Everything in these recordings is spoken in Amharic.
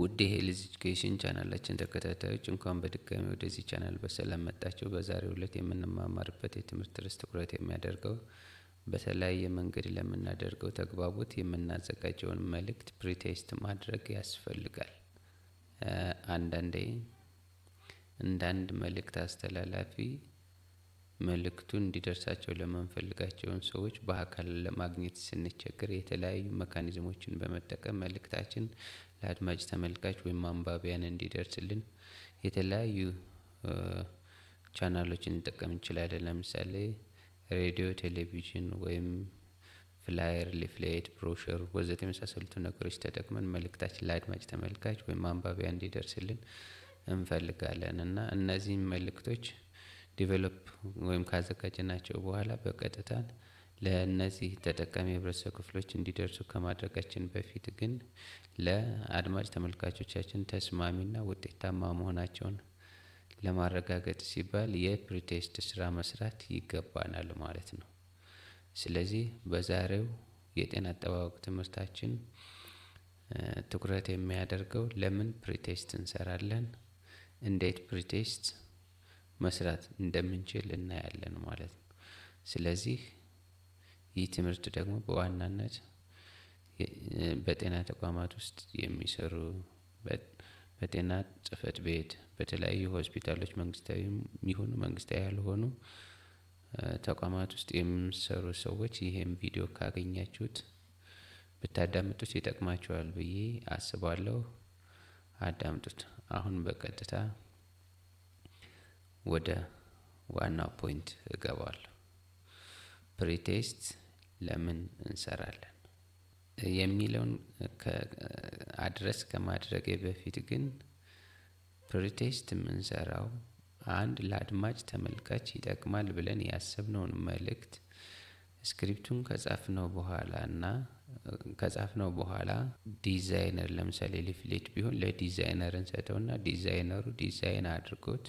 ውድ የሄልዝ ኤጁኬሽን ቻናላችን ተከታታዮች እንኳን በድጋሚ ወደዚህ ቻናል በሰላም መጣቸው በዛሬው ዕለት የምንማማርበት የትምህርት ርዕስ ትኩረት የሚያደርገው በተለያየ መንገድ ለምናደርገው ተግባቦት የምናዘጋጀውን መልእክት ፕሪቴስት ማድረግ ያስፈልጋል። አንዳንዴ እንዳንድ መልእክት አስተላላፊ መልእክቱ እንዲደርሳቸው ለምንፈልጋቸውን ሰዎች በአካል ለማግኘት ስንቸገር የተለያዩ መካኒዝሞችን በመጠቀም መልእክታችን ለአድማጭ ተመልካች ወይም አንባቢያን እንዲደርስልን የተለያዩ ቻናሎችን እንጠቀም እንችላለን። ለምሳሌ ሬዲዮ፣ ቴሌቪዥን ወይም ፍላየር፣ ሊፍሌት፣ ብሮሸር ወዘተ የመሳሰሉት ነገሮች ተጠቅመን መልእክታችን ለአድማጭ ተመልካች ወይም አንባቢያን እንዲደርስልን እንፈልጋለን እና እነዚህን መልእክቶች ዲቨሎፕ ወይም ካዘጋጀናቸው በኋላ በቀጥታ ለእነዚህ ተጠቃሚ የህብረተሰብ ክፍሎች እንዲደርሱ ከማድረጋችን በፊት ግን ለአድማጭ ተመልካቾቻችን ተስማሚና ውጤታማ መሆናቸውን ለማረጋገጥ ሲባል የፕሪቴስት ስራ መስራት ይገባናል ማለት ነው። ስለዚህ በዛሬው የጤና አጠባበቅ ትምህርታችን ትኩረት የሚያደርገው ለምን ፕሪቴስት እንሰራለን፣ እንዴት ፕሪቴስት መስራት እንደምንችል እናያለን ማለት ነው። ስለዚህ ይህ ትምህርት ደግሞ በዋናነት በጤና ተቋማት ውስጥ የሚሰሩ በጤና ጽህፈት ቤት፣ በተለያዩ ሆስፒታሎች መንግስታዊ የሚሆኑ መንግስታዊ ያልሆኑ ተቋማት ውስጥ የሚሰሩ ሰዎች ይህም ቪዲዮ ካገኛችሁት ብታዳምጡት ይጠቅማችኋል ብዬ አስባለሁ። አዳምጡት። አሁን በቀጥታ ወደ ዋናው ፖይንት እገባለሁ። ፕሪቴስት ለምን እንሰራለን የሚለውን አድረስ ከማድረጌ በፊት ግን ፕሪቴስት የምንሰራው አንድ ለአድማጭ ተመልካች ይጠቅማል ብለን ያሰብነውን መልእክት ስክሪፕቱን ከጻፍነው በኋላ እና ከጻፍነው በኋላ ዲዛይነር ለምሳሌ ሊፍሌት ቢሆን ለዲዛይነር እንሰጠውና ዲዛይነሩ ዲዛይን አድርጎት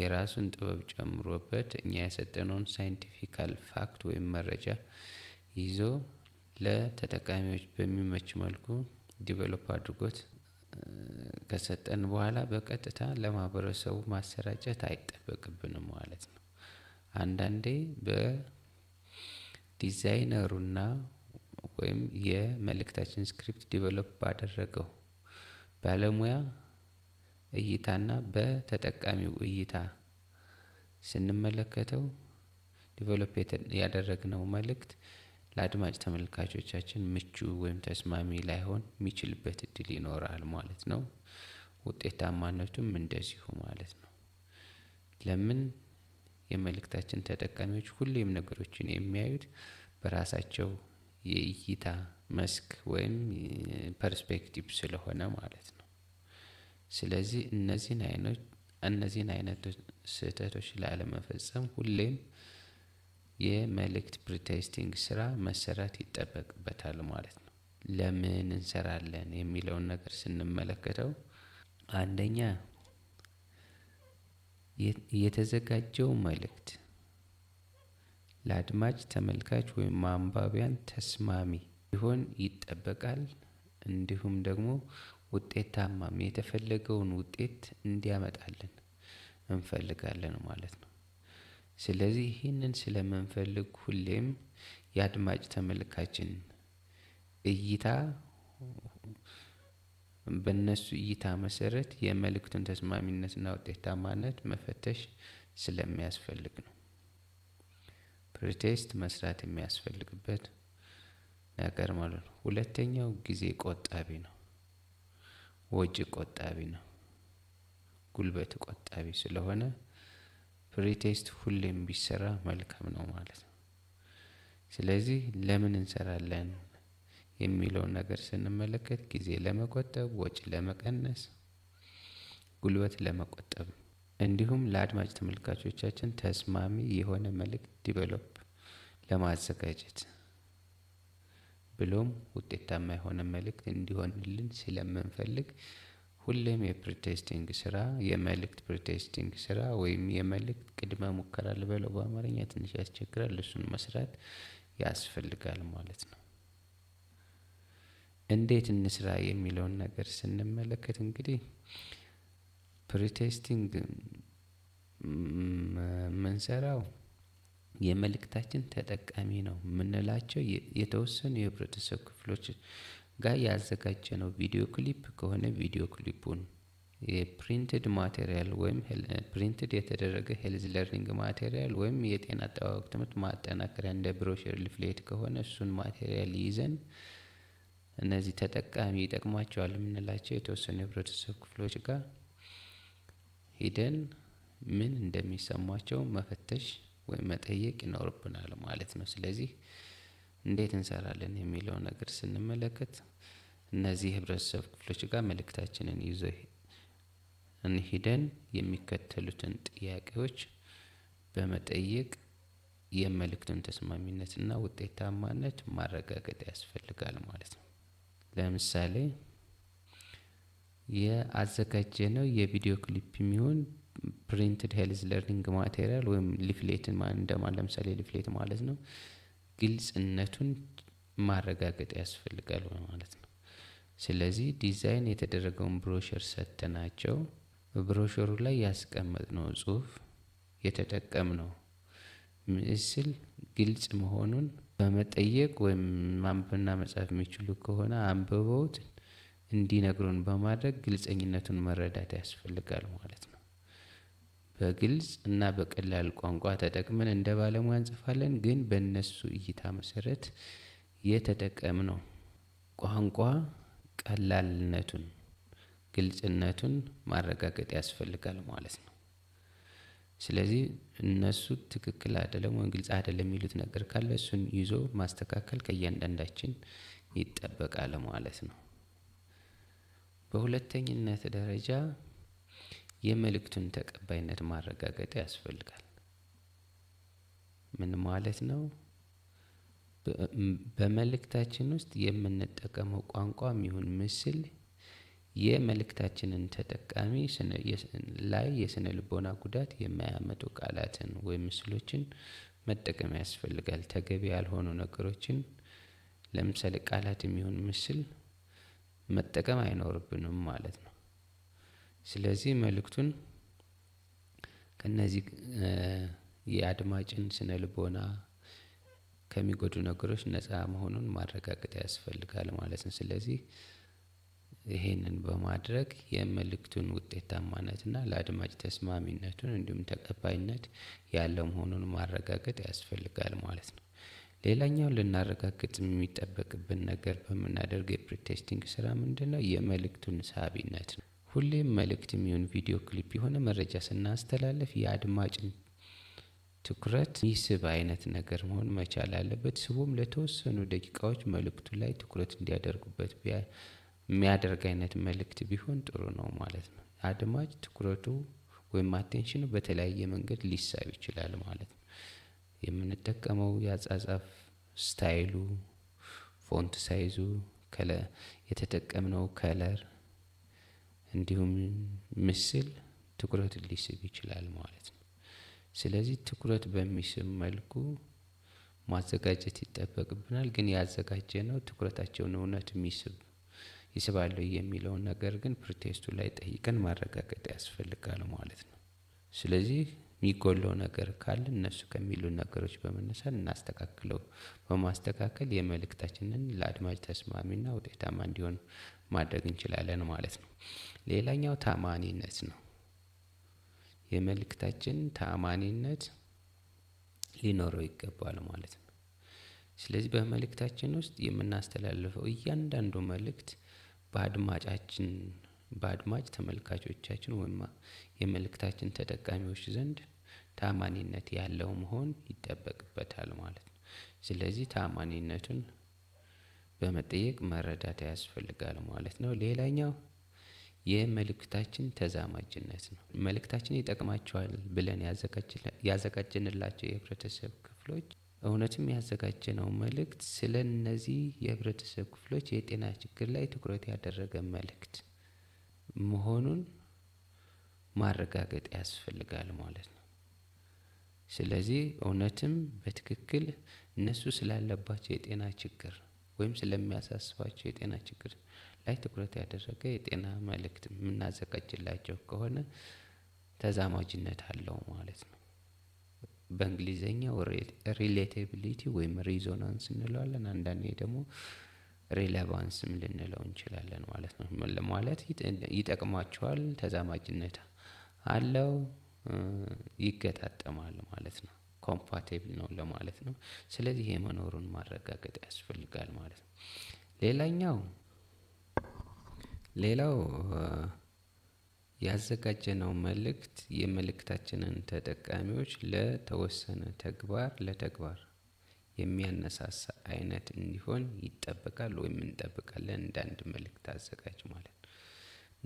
የራሱን ጥበብ ጨምሮበት እኛ የሰጠነውን ሳይንቲፊካል ፋክት ወይም መረጃ ይዞ ለተጠቃሚዎች በሚመች መልኩ ዲቨሎፕ አድርጎት ከሰጠን በኋላ በቀጥታ ለማህበረሰቡ ማሰራጨት አይጠበቅብንም ማለት ነው። አንዳንዴ በዲዛይነሩና ወይም የመልእክታችን ስክሪፕት ዲቨሎፕ ባደረገው ባለሙያ እይታና በተጠቃሚው እይታ ስንመለከተው ዲቨሎፕ ያደረግነው መልእክት ለአድማጭ ተመልካቾቻችን ምቹ ወይም ተስማሚ ላይሆን የሚችልበት እድል ይኖራል ማለት ነው። ውጤታማነቱም እንደዚሁ ማለት ነው። ለምን የመልእክታችን ተጠቃሚዎች ሁሌም ነገሮችን የሚያዩት በራሳቸው የእይታ መስክ ወይም ፐርስፔክቲቭ ስለሆነ ማለት ነው። ስለዚህ እነዚህን አይነት እነዚህን አይነት ስህተቶች ላለመፈጸም ሁሌም የመልእክት ፕሪቴስቲንግ ስራ መሰራት ይጠበቅበታል ማለት ነው። ለምን እንሰራለን የሚለውን ነገር ስንመለከተው አንደኛ የተዘጋጀው መልእክት ለአድማጭ ተመልካች ወይም ማንባቢያን ተስማሚ ሊሆን ይጠበቃል። እንዲሁም ደግሞ ውጤታማም የተፈለገውን ውጤት እንዲያመጣልን እንፈልጋለን ማለት ነው። ስለዚህ ይህንን ስለምንፈልግ ሁሌም የአድማጭ ተመልካችን እይታ በእነሱ እይታ መሰረት የመልእክቱን ተስማሚነትና ውጤታማነት መፈተሽ ስለሚያስፈልግ ነው። ፕሪቴስት መስራት የሚያስፈልግበት ነገር ማለት ነው። ሁለተኛው ጊዜ ቆጣቢ ነው። ወጪ ቆጣቢ ነው። ጉልበት ቆጣቢ ስለሆነ ፕሪቴስት ሁሌም ቢሰራ መልካም ነው ማለት ነው። ስለዚህ ለምን እንሰራለን የሚለውን ነገር ስንመለከት ጊዜ ለመቆጠብ፣ ወጪ ለመቀነስ፣ ጉልበት ለመቆጠብ እንዲሁም ለአድማጭ ተመልካቾቻችን ተስማሚ የሆነ መልእክት ዲቨሎፕ ለማዘጋጀት ብሎም ውጤታማ የሆነ መልእክት እንዲሆንልን ስለምንፈልግ ሁሌም የፕሪቴስቲንግ ስራ የመልእክት ፕሪቴስቲንግ ስራ ወይም የመልእክት ቅድመ ሙከራ ልበለው በአማርኛ ትንሽ ያስቸግራል። እሱን መስራት ያስፈልጋል ማለት ነው። እንዴት እንስራ የሚለውን ነገር ስንመለከት እንግዲህ ፕሪቴስቲንግ ምንሰራው የመልእክታችን ተጠቃሚ ነው የምንላቸው የተወሰኑ የህብረተሰብ ክፍሎች ጋር ነው ቪዲዮ ክሊፕ ከሆነ ቪዲዮ ክሊፑን የፕሪንትድ ማቴሪያል ወይም ፕሪንትድ የተደረገ ሄልዝ ለርኒንግ ማቴሪያል ወይም የጤና አጠባበቅ ትምህርት ማጠናከሪያ እንደ ብሮሽር ሊፍሌት ከሆነ እሱን ማቴሪያል ይዘን እነዚህ ተጠቃሚ ይጠቅማቸዋል የምንላቸው የተወሰኑ የህብረተሰብ ክፍሎች ጋር ሂደን ምን እንደሚሰማቸው መፈተሽ ወይም መጠየቅ ይኖርብናል ማለት ነው። ስለዚህ እንዴት እንሰራለን የሚለውን ነገር ስንመለከት እነዚህ ህብረተሰብ ክፍሎች ጋር መልእክታችንን ይዞ እንሂደን የሚከተሉትን ጥያቄዎች በመጠየቅ የመልእክቱን ተስማሚነትና ውጤታማነት ማረጋገጥ ያስፈልጋል ማለት ነው። ለምሳሌ ነው የቪዲዮ ክሊፕ የሚሆን ፕሪንትድ ሄልዝ ለርኒንግ ማቴሪያል ወይም ሊፍሌትን እንደማን ለምሳሌ ሊፍሌት ማለት ነው ግልጽነቱን ማረጋገጥ ያስፈልጋል ማለት ነው። ስለዚህ ዲዛይን የተደረገውን ብሮሸር ሰጥተናቸው ብሮሸሩ ላይ ነው ጽሁፍ የተጠቀምነው ምስል ግልጽ መሆኑን በመጠየቅ ወይም ማንበብና መጻፍ የሚችሉ ከሆነ አንብበውት እንዲነግሩን በማድረግ ግልጸኝነቱን መረዳት ያስፈልጋል ማለት ነው። በግልጽ እና በቀላል ቋንቋ ተጠቅመን እንደ ባለሙያ እንጽፋለን ግን በእነሱ እይታ መሰረት የተጠቀም ነው ቋንቋ ቀላልነቱን ግልጽነቱን ማረጋገጥ ያስፈልጋል ማለት ነው። ስለዚህ እነሱ ትክክል አይደለም ወይም ግልጽ አይደለም የሚሉት ነገር ካለ እሱን ይዞ ማስተካከል ከእያንዳንዳችን ይጠበቃል ማለት ነው። በሁለተኝነት ደረጃ የመልእክቱን ተቀባይነት ማረጋገጥ ያስፈልጋል። ምን ማለት ነው? በመልእክታችን ውስጥ የምንጠቀመው ቋንቋ ይሁን ምስል የመልእክታችንን ተጠቃሚ ላይ የስነ ልቦና ጉዳት የማያመጡ ቃላትን ወይም ምስሎችን መጠቀም ያስፈልጋል። ተገቢ ያልሆኑ ነገሮችን ለምሳሌ ቃላት የሚሆን ምስል መጠቀም አይኖርብንም ማለት ነው። ስለዚህ መልእክቱን ከነዚህ የአድማጭን ስነ ልቦና ከሚጎዱ ነገሮች ነፃ መሆኑን ማረጋገጥ ያስፈልጋል ማለት ነው። ስለዚህ ይሄንን በማድረግ የመልእክቱን ውጤታማነትና ለአድማጭ ተስማሚነቱን እንዲሁም ተቀባይነት ያለው መሆኑን ማረጋገጥ ያስፈልጋል ማለት ነው። ሌላኛው ልናረጋግጥ የሚጠበቅብን ነገር በምናደርግ የፕሪቴስቲንግ ስራ ምንድነው? የመልእክቱን ሳቢነት ነው ሁሌም መልእክት የሚሆን ቪዲዮ ክሊፕ የሆነ መረጃ ስናስተላልፍ የአድማጭን ትኩረት ሚስብ አይነት ነገር መሆን መቻል አለበት። ስቡም ለተወሰኑ ደቂቃዎች መልእክቱ ላይ ትኩረት እንዲያደርጉበት የሚያደርግ አይነት መልእክት ቢሆን ጥሩ ነው ማለት ነው። አድማጭ ትኩረቱ ወይም አቴንሽኑ በተለያየ መንገድ ሊሳብ ይችላል ማለት ነው። የምንጠቀመው የአጻጻፍ ስታይሉ፣ ፎንት ሳይዙ፣ የተጠቀምነው ከለር እንዲሁም ምስል ትኩረት ሊስብ ይችላል ማለት ነው። ስለዚህ ትኩረት በሚስብ መልኩ ማዘጋጀት ይጠበቅብናል። ግን ነው ትኩረታቸውን እውነት የሚስብ ይስባለሁ የሚለውን ነገር ግን ፕሪቴስቱ ላይ ጠይቀን ማረጋገጥ ያስፈልጋል ማለት ነው። ስለዚህ የሚጎለው ነገር ካለ እነሱ ከሚሉ ነገሮች በመነሳት እናስተካክለው በማስተካከል የመልእክታችንን ለአድማጭ ተስማሚና ውጤታማ እንዲሆን ማድረግ እንችላለን ማለት ነው። ሌላኛው ታማኒነት ነው። የመልእክታችን ታማኒነት ሊኖረው ይገባል ማለት ነው። ስለዚህ በመልእክታችን ውስጥ የምናስተላልፈው እያንዳንዱ መልእክት በአድማጫችን በአድማጭ ተመልካቾቻችን ወይም የመልእክታችን ተጠቃሚዎች ዘንድ ታማኒነት ያለው መሆን ይጠበቅበታል ማለት ነው። ስለዚህ ታማኒነቱን በመጠየቅ መረዳት ያስፈልጋል ማለት ነው። ሌላኛው የመልእክታችን ተዛማጅነት ነው። መልእክታችን ይጠቅማቸዋል ብለን ያዘጋጀንላቸው የህብረተሰብ ክፍሎች እውነትም ያዘጋጀነው መልእክት ስለ እነዚህ የህብረተሰብ ክፍሎች የጤና ችግር ላይ ትኩረት ያደረገ መልእክት መሆኑን ማረጋገጥ ያስፈልጋል ማለት ነው። ስለዚህ እውነትም በትክክል እነሱ ስላለባቸው የጤና ችግር ወይም ስለሚያሳስባቸው የጤና ችግር ላይ ትኩረት ያደረገ የጤና መልእክት የምናዘጋጅላቸው ከሆነ ተዛማጅነት አለው ማለት ነው። በእንግሊዘኛው ሪሌቴቢሊቲ ወይም ሪዞናንስ እንለዋለን። አንዳንዴ ደግሞ ሬሌቫንስም ልንለው እንችላለን ማለት ነው። ማለት ይጠቅማቸዋል፣ ተዛማጅነት አለው፣ ይገጣጠማል ማለት ነው። ኮምፓቲብል ነው ለማለት ነው። ስለዚህ የመኖሩን ማረጋገጥ ያስፈልጋል ማለት ነው። ሌላኛው ሌላው ያዘጋጀነው መልእክት የመልእክታችንን ተጠቃሚዎች ለተወሰነ ተግባር ለተግባር የሚያነሳሳ አይነት እንዲሆን ይጠበቃል ወይም እንጠብቃለን እንደ አንድ መልእክት አዘጋጅ ማለት ነው።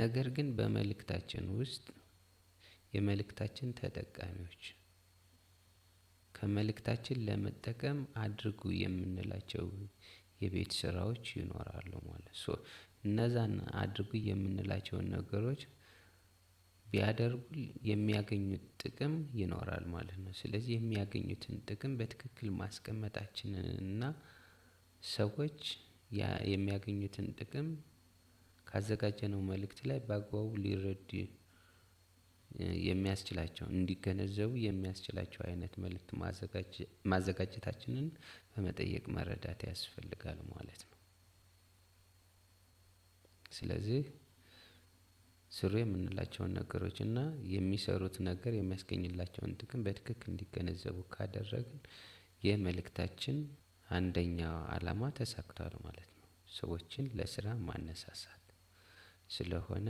ነገር ግን በመልእክታችን ውስጥ የመልእክታችን ተጠቃሚዎች ከመልእክታችን ለመጠቀም አድርጉ የምንላቸው የቤት ስራዎች ይኖራሉ ማለት ሶ እነዛን አድርጉ የምንላቸውን ነገሮች ቢያደርጉ የሚያገኙት ጥቅም ይኖራል ማለት ነው። ስለዚህ የሚያገኙትን ጥቅም በትክክል ማስቀመጣችንን ሰዎች የሚያገኙትን ጥቅም ካዘጋጀነው መልእክት ላይ በአግባቡ ሊረዱ የሚያስችላቸው እንዲገነዘቡ የሚያስችላቸው አይነት መልእክት ማዘጋጀታችንን በመጠየቅ መረዳት ያስፈልጋል ማለት ነው። ስለዚህ ስሩ የምንላቸውን ነገሮች እና የሚሰሩት ነገር የሚያስገኝላቸውን ጥቅም በትክክል እንዲገነዘቡ ካደረግን የመልእክታችን አንደኛው ዓላማ ተሳክቷል ማለት ነው። ሰዎችን ለስራ ማነሳሳት ስለሆነ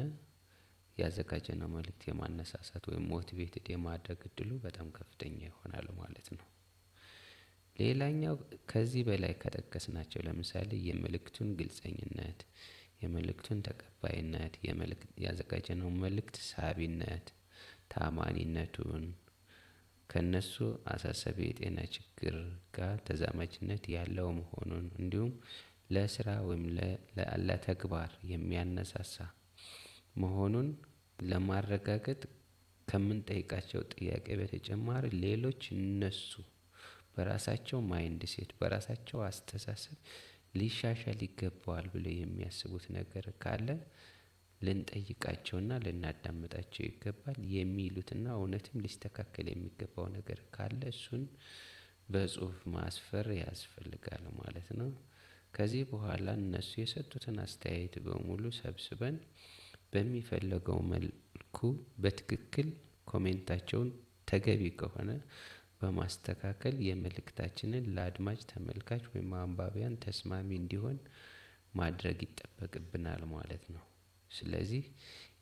ያዘጋጀነው መልእክት የማነሳሳት ወይም ሞቲቬትድ የማድረግ እድሉ በጣም ከፍተኛ ይሆናል ማለት ነው። ሌላኛው ከዚህ በላይ ከጠቀስናቸው ለምሳሌ የመልእክቱን ግልጸኝነት፣ የመልእክቱን ተቀባይነት፣ ያዘጋጀነው መልእክት ሳቢነት፣ ታማኒነቱን ከነሱ አሳሳቢ የጤና ችግር ጋር ተዛማጅነት ያለው መሆኑን እንዲሁም ለስራ ወይም ለተግባር የሚያነሳሳ መሆኑን ለማረጋገጥ ከምንጠይቃቸው ጥያቄ በተጨማሪ ሌሎች እነሱ በራሳቸው ማይንድ ሴት በራሳቸው አስተሳሰብ ሊሻሻል ይገባዋል ብለው የሚያስቡት ነገር ካለ ልንጠይቃቸውና ልናዳምጣቸው ይገባል። የሚሉትና እውነትም ሊስተካከል የሚገባው ነገር ካለ እሱን በጽሁፍ ማስፈር ያስፈልጋል ማለት ነው። ከዚህ በኋላ እነሱ የሰጡትን አስተያየት በሙሉ ሰብስበን በሚፈለገው መልኩ በትክክል ኮሜንታቸውን ተገቢ ከሆነ በማስተካከል የመልእክታችንን ለአድማጭ ተመልካች ወይም አንባቢያን ተስማሚ እንዲሆን ማድረግ ይጠበቅብናል ማለት ነው። ስለዚህ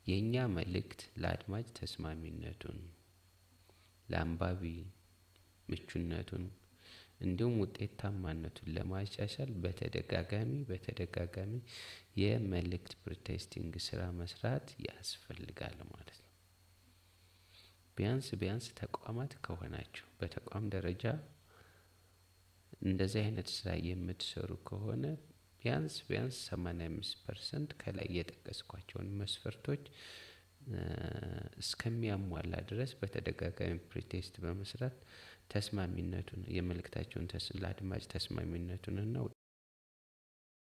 የእኛ መልእክት ለአድማጭ ተስማሚነቱን ለአንባቢ ምቹነቱን እንዲሁም ውጤታማነቱን ለማሻሻል በተደጋጋሚ በተደጋጋሚ የመልእክት ፕሪቴስቲንግ ስራ መስራት ያስፈልጋል ማለት ነው። ቢያንስ ቢያንስ ተቋማት ከሆናችሁ በተቋም ደረጃ እንደዚህ አይነት ስራ የምትሰሩ ከሆነ ቢያንስ ቢያንስ 85 አምስት ፐርሰንት ከላይ የጠቀስኳቸውን መስፈርቶች እስከሚያሟላ ድረስ በተደጋጋሚ ፕሪቴስት በመስራት ተስማሚነቱን የመልእክታቸውን ለአድማጭ ተስማሚነቱን እና